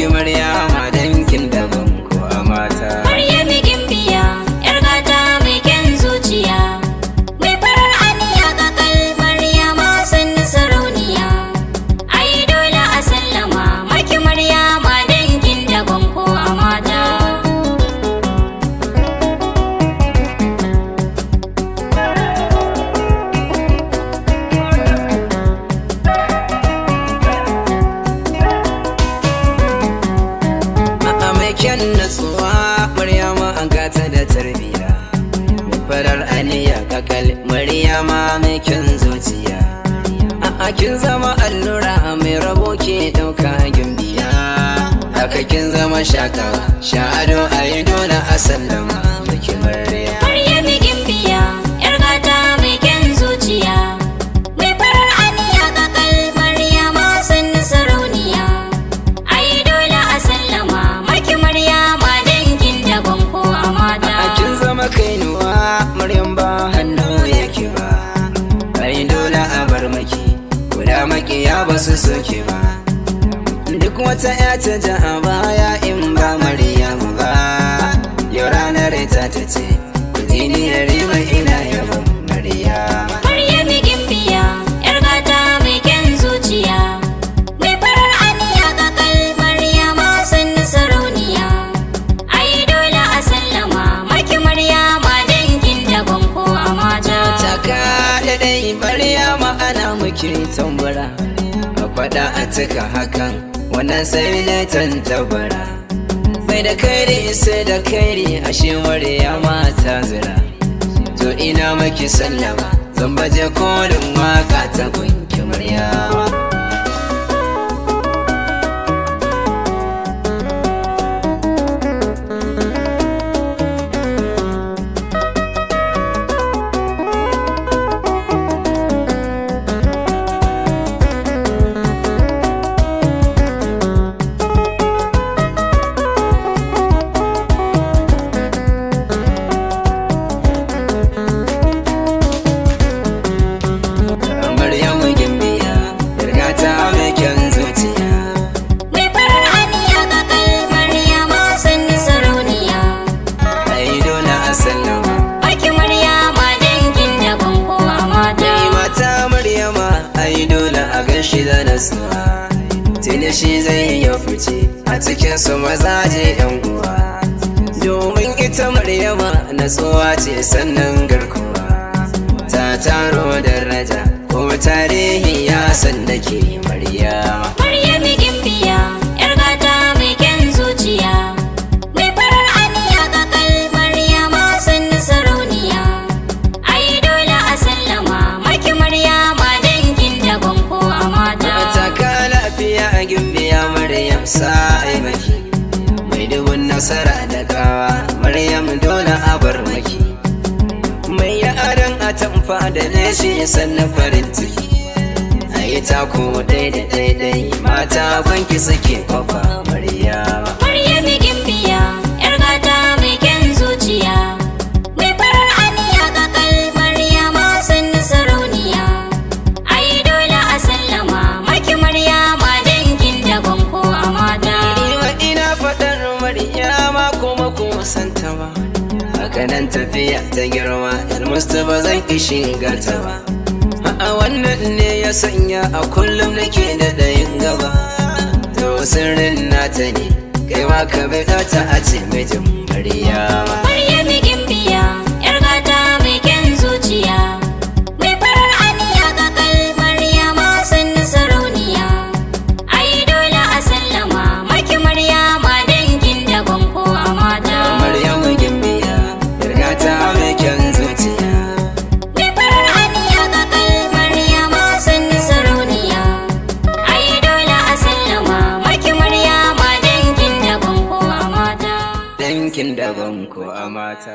ki maryama dan cikakken natsuwa maryama an gata da tarbiya farar aniya kakal maryama mai kin zuciya a kin zama allura mai rabo ke dauka gimbiya haka kin zama shaka sha'ado a yi dole a sallama hannu yake ba ai dole a bar maki kula makiya ba su soke ba duk wata ya ta ja a baya in ba baki tambara a faɗa a cika hakan wannan sai da tantabara mai da kairi sai da kairi ashe ya mata zira to ina maki sallama zan baje kolin waka ta gunki muryawa rasuwa tuni shi zai yi fice a cikin su mazaje yan uwa domin ita maryama natsuwa ce sannan garkuwa ta taro daraja ko tarihi ya san da ke maryama maryami gimbi nasara da kawa maryam dole a bar maki mai ya aran a tamfa da leshi na farin ciki a yi tako ɗai da ɗai mata banki suke kwafa ba haka tafiya ta girma almustaba zan ishi gata ba a wannan ne ya sanya a kullum nake da ɗayin gaba to sirrin nata ne kai ma ka bi ta a ce mijin bariya ko amata